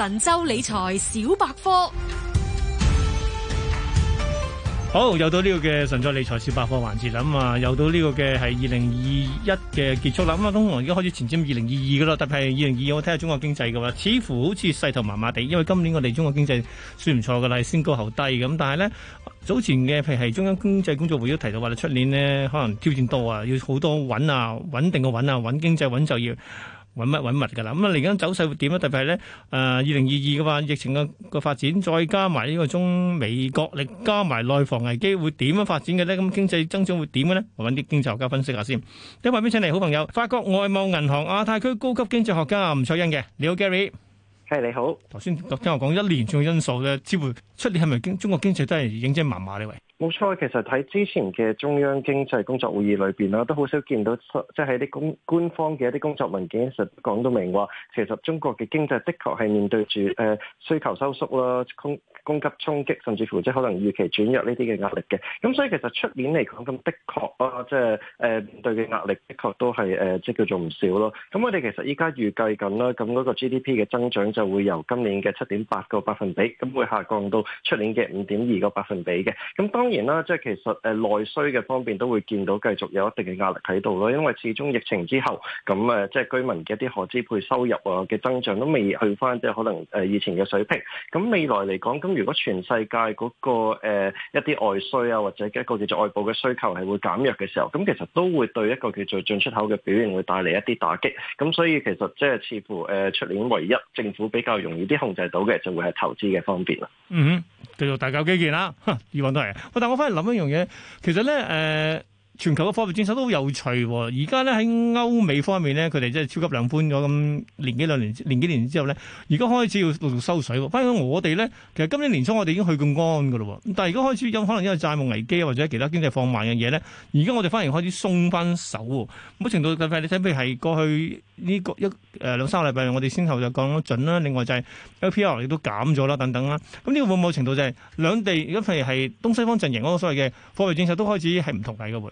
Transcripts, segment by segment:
神州理財小百科，好，又到呢個嘅神州理財小百科環節啦，咁啊又到呢個嘅係二零二一嘅結束啦，咁、嗯、啊通常已經開始前瞻二零二二噶啦，特別係二零二二我睇下中國經濟嘅話，似乎好似勢頭麻麻地，因為今年我哋中國經濟算唔錯噶啦，先高後低咁，但係咧早前嘅譬如係中央經濟工作會議都提到話，你出年呢可能挑戰多，多啊，要好多穩啊，穩定嘅穩啊，穩經濟穩就業。搵乜搵物噶啦，咁啊嚟緊走勢會點啊？特別係咧，誒、呃，二零二二嘅話疫情嘅個發展，再加埋呢個中美角力，加埋內房危機，會點樣發展嘅咧？咁經濟增長會點嘅咧？我搵啲經濟學家分析下先。第一位邊請嚟？好朋友，法國外貿銀行亞太區高級經濟學家吳卓殷嘅，你好 Gary。係、hey, 你好。頭先聽我講一連串因素咧，似乎出年係咪經中國經濟都係認真麻麻呢位？冇錯，其實喺之前嘅中央經濟工作會議裏邊啦，都好少見到，即係啲公官方嘅一啲工作文件，其實講到明話，其實中國嘅經濟的確係面對住誒、呃、需求收縮啦、供供給衝擊，甚至乎即係可能預期轉弱呢啲嘅壓力嘅。咁所以其實出年嚟講，咁的確啊，即係誒面對嘅壓力的確都係誒即係叫做唔少咯。咁我哋其實依家預計緊啦，咁嗰個 GDP 嘅增長就會由今年嘅七點八個百分比，咁會下降到出年嘅五點二個百分比嘅。咁當當然啦，即係其實誒內需嘅方面都會見到繼續有一定嘅壓力喺度咯，因為始終疫情之後咁誒，即係居民嘅一啲可支配收入啊嘅增長都未去翻，即係可能誒以前嘅水平。咁未來嚟講，咁如果全世界嗰、嗰個誒、呃、一啲外需啊或者一個叫做外部嘅需求係會減弱嘅時候，咁其實都會對一個叫做進出口嘅表現會帶嚟一啲打擊。咁所以其實即係似乎誒出年唯一政府比較容易啲控制到嘅就會係投資嘅方面啦。嗯。繼續大搞基建啦，依運都係。我但我翻嚟諗一樣嘢，其實咧誒。呃全球嘅貨幣政策都好有趣、哦，而家咧喺歐美方面咧，佢哋即係超級量寬咗咁，年幾兩年年幾年之後咧，而家開始要陸續收水喎、哦。反而我哋咧，其實今年年初我哋已經去咁安嘅咯、哦，咁但係而家開始有可能因為債務危機或者其他經濟放慢嘅嘢咧，而家我哋反而開始鬆翻手喎、哦。某、那個、程度嘅快，你睇譬如係過去呢個一誒兩、呃、三個禮拜，我哋先後就降咗準啦。另外就係 LPR 亦都減咗啦，等等啦。咁呢個會唔會程度就係、是、兩地，譬如果如係東西方陣營嗰個所謂嘅貨幣政策都開始係唔同嘅嘅會。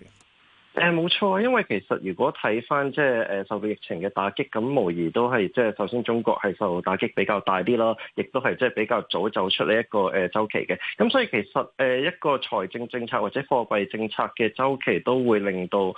誒冇錯啊，因為其實如果睇翻即係誒受到疫情嘅打擊，咁無疑都係即係首先中國係受打擊比較大啲咯，亦都係即係比較早走出呢一個誒週期嘅。咁所以其實誒、呃、一個財政政策或者貨幣政策嘅周期都會令到誒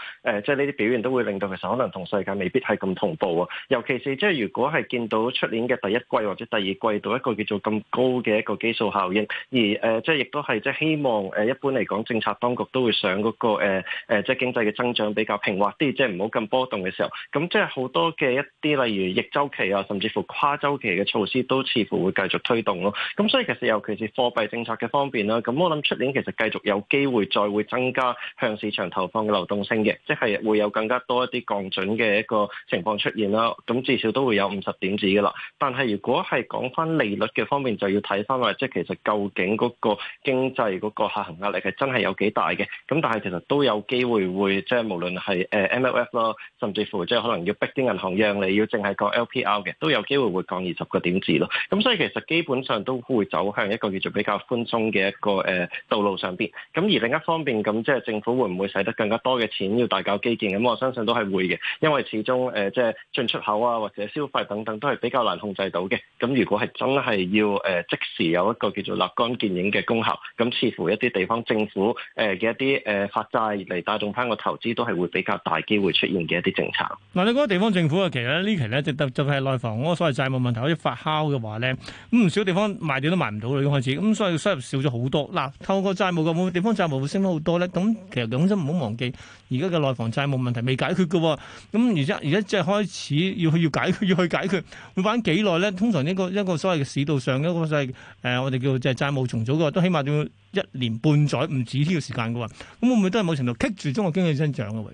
即係呢啲表現都會令到其實可能同世界未必係咁同步啊。尤其是即係如果係見到出年嘅第一季或者第二季度一個叫做咁高嘅一個基數效應，而誒即係亦都係即係希望誒一般嚟講政策當局都會上嗰、那個誒即係經濟嘅增長比較平滑啲，即係唔好咁波動嘅時候，咁即係好多嘅一啲，例如逆周期啊，甚至乎跨周期嘅措施，都似乎會繼續推動咯。咁所以其實尤其是貨幣政策嘅方面啦，咁我諗出年其實繼續有機會再會增加向市場投放嘅流動性嘅，即係會有更加多一啲降準嘅一個情況出現啦。咁至少都會有五十點子噶啦。但係如果係講返利率嘅方面，就要睇返話，即係其實究竟嗰個經濟嗰個下行壓力係真係有幾大嘅。咁但係其實都有機會會。即係無論係誒 MLF 咯，甚至乎即係可能要逼啲銀行讓利要淨係降 LPR 嘅，都有機會會降二十個點子咯。咁所以其實基本上都會走向一個叫做比較寬鬆嘅一個誒道路上邊。咁而另一方面，咁即係政府會唔會使得更加多嘅錢要大搞基建？咁我相信都係會嘅，因為始終誒、呃、即係進出口啊或者消費等等都係比較難控制到嘅。咁如果係真係要誒、呃、即時有一個叫做立竿見影嘅功效，咁似乎一啲地方政府誒嘅一啲誒發債嚟帶動翻個投資都係會比較大機會出現嘅一啲政策。嗱，你覺得地方政府嘅，其實呢期咧，就就是、係內房嗰個所謂債務問題開始發酵嘅話咧，咁唔少地方賣地都賣唔到啦，已經，開始咁，所以收入少咗好多。嗱，透過債務嘅，地方債務會升咗好多咧。咁其實講真唔好忘記，而家嘅內房債務問題未解決嘅，咁而家而家即係開始要要解決要去解決，會玩幾耐咧？通常呢個一個所謂嘅市道上一個所謂誒、呃，我哋叫即係債務重組嘅話都起碼要。一年半載唔止呢個時間嘅喎，咁會唔會都係某程度棘住中國經濟增長嘅喎？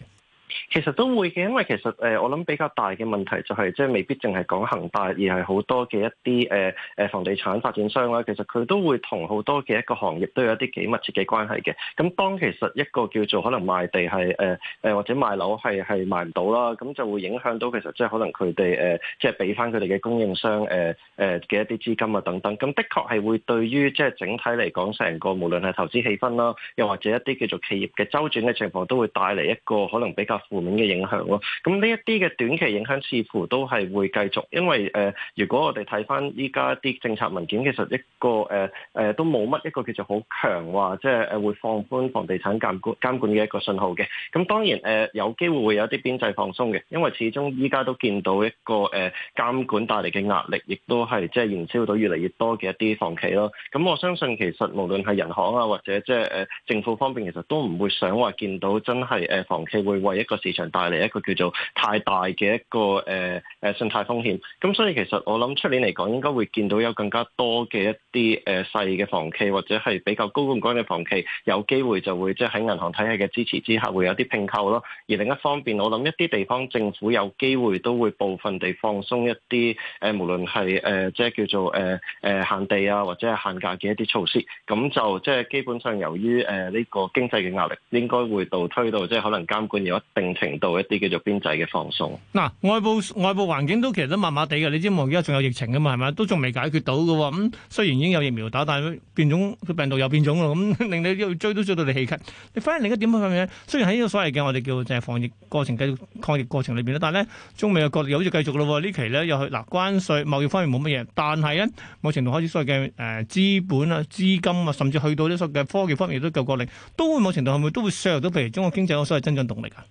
其實都會嘅，因為其實誒，我諗比較大嘅問題就係，即係未必淨係講恒大，而係好多嘅一啲誒誒房地產發展商咧，其實佢都會同好多嘅一個行業都有一啲幾密切嘅關係嘅。咁當其實一個叫做可能賣地係誒誒或者賣樓係係賣唔到啦，咁就會影響到其實即係可能佢哋誒即係俾翻佢哋嘅供應商誒誒嘅一啲資金啊等等。咁的確係會對於即係整體嚟講成個無論係投資氣氛啦，又或者一啲叫做企業嘅周轉嘅情況，都會帶嚟一個可能比較負面嘅影響咯，咁呢一啲嘅短期影響似乎都係會繼續，因為誒、呃，如果我哋睇翻依家啲政策文件，其實一個誒誒、呃呃、都冇乜一個叫做好強話，即係誒會放寬房地產監管監管嘅一個信號嘅。咁、嗯、當然誒、呃、有機會會有啲邊際放鬆嘅，因為始終依家都見到一個誒、呃、監管帶嚟嘅壓力，亦都係即係延燒到越嚟越多嘅一啲房企咯。咁、嗯、我相信其實無論係人行啊或者即係誒政府方面，其實都唔會想話見到真係誒房企會為個市場帶嚟一個叫做太大嘅一個誒誒信貸風險，咁所以其實我諗出年嚟講，應該會見到有更加多嘅一啲誒細嘅房企或者係比較高槓杆嘅房企，有機會就會即係喺銀行體系嘅支持之下，會有啲拼購咯。而另一方面，我諗一啲地方政府有機會都會部分地放鬆一啲誒無論係誒即係叫做誒誒限地啊，或者係限價嘅一啲措施。咁就即係基本上由於誒呢個經濟嘅壓力，應該會倒推到即係可能監管有一定程度一啲叫做邊際嘅放鬆。嗱，外部外部環境都其實都麻麻地嘅，你知冇？而家仲有疫情㗎嘛，係咪都仲未解決到嘅喎。咁、嗯、雖然已經有疫苗打，但係變種個病毒又變種咯，咁令你追都追到你氣咳。你反而另一點嘅嘢，雖然喺呢個所謂嘅我哋叫就係防疫過程、繼續抗疫過程裏邊咧，但係咧中美嘅角力又好似繼續咯。呢期咧又去，嗱關稅貿易方面冇乜嘢，但係咧某程度開始所謂嘅誒資本啊資金啊，甚至去到呢所謂嘅科技方面亦都夠角力，都會某程度係咪都會削弱到譬如中國經濟嘅所謂增長動力啊？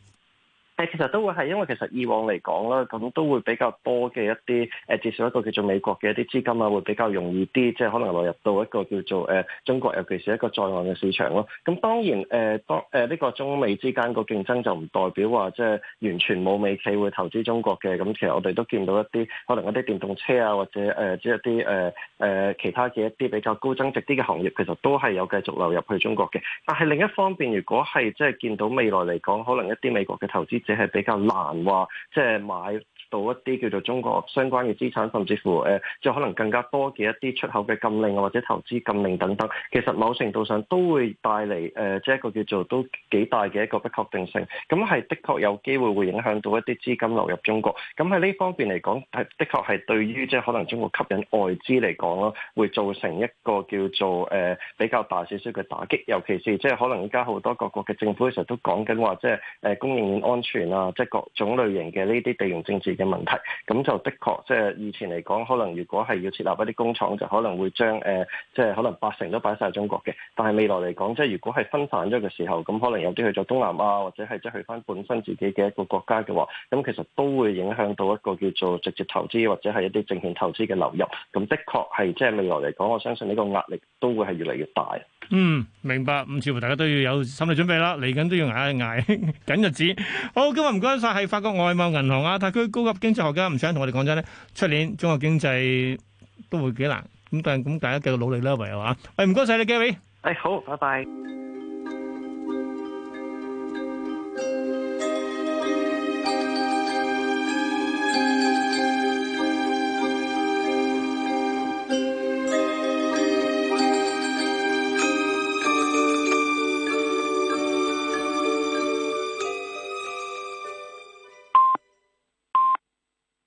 誒其實都會係，因為其實以往嚟講啦，咁都會比較多嘅一啲誒，至少一個叫做美國嘅一啲資金啊，會比較容易啲，即係可能流入到一個叫做誒、呃、中國，尤其是一個在岸嘅市場咯。咁當然誒，當誒呢個中美之間個競爭就唔代表話即係完全冇美企會投資中國嘅。咁其實我哋都見到一啲可能一啲電動車啊，或者誒即係一啲誒誒其他嘅一啲比較高增值啲嘅行業，其實都係有繼續流入去中國嘅。但係另一方面，如果係即係見到未來嚟講，可能一啲美國嘅投資即係比較難話，即係買 到一啲叫做中國相關嘅資產，甚至乎誒再，呃、可能更加多嘅一啲出口嘅禁令啊，或者投資禁令等等，其實某程度上都會帶嚟誒即係一個叫做都幾大嘅一個不確定性。咁係的確有機會會影響到一啲資金流入中國，咁喺呢方面嚟講，係的確係對於即係可能中國吸引外資嚟講咯，會造成一個叫做誒，呃、比較大少少嘅打擊，尤其是即係可能而家好多各國嘅政府其實都講緊話，即係誒供應鏈安全啊，即，就，係，是，各種類型嘅呢啲地緣政治嘅。問題咁就的確，即係以前嚟講，可能如果係要設立一啲工廠，就可能會將誒，即係可能八成都擺曬中國嘅。但係未來嚟講，即係如果係分散咗嘅時候，咁可能有啲去咗東南亞，或者係即係去翻本身自己嘅一個國家嘅話，咁其實都會影響到一個叫做直接投資或者係一啲證券投資嘅流入。咁的確係即係未來嚟講，我相信呢個壓力都會係越嚟越大。嗯，明白。咁似乎大家都要有心理準備啦，嚟緊都要挨一挨緊日子。好，今日唔該晒，係法國外貿銀行亞太區高級經濟學家，唔想同我哋講真咧，出年中國經濟都會幾難。咁但係咁大家繼續努力啦，唯有啊。喂，唔該晒你，Gary。誒、哎，好，拜拜。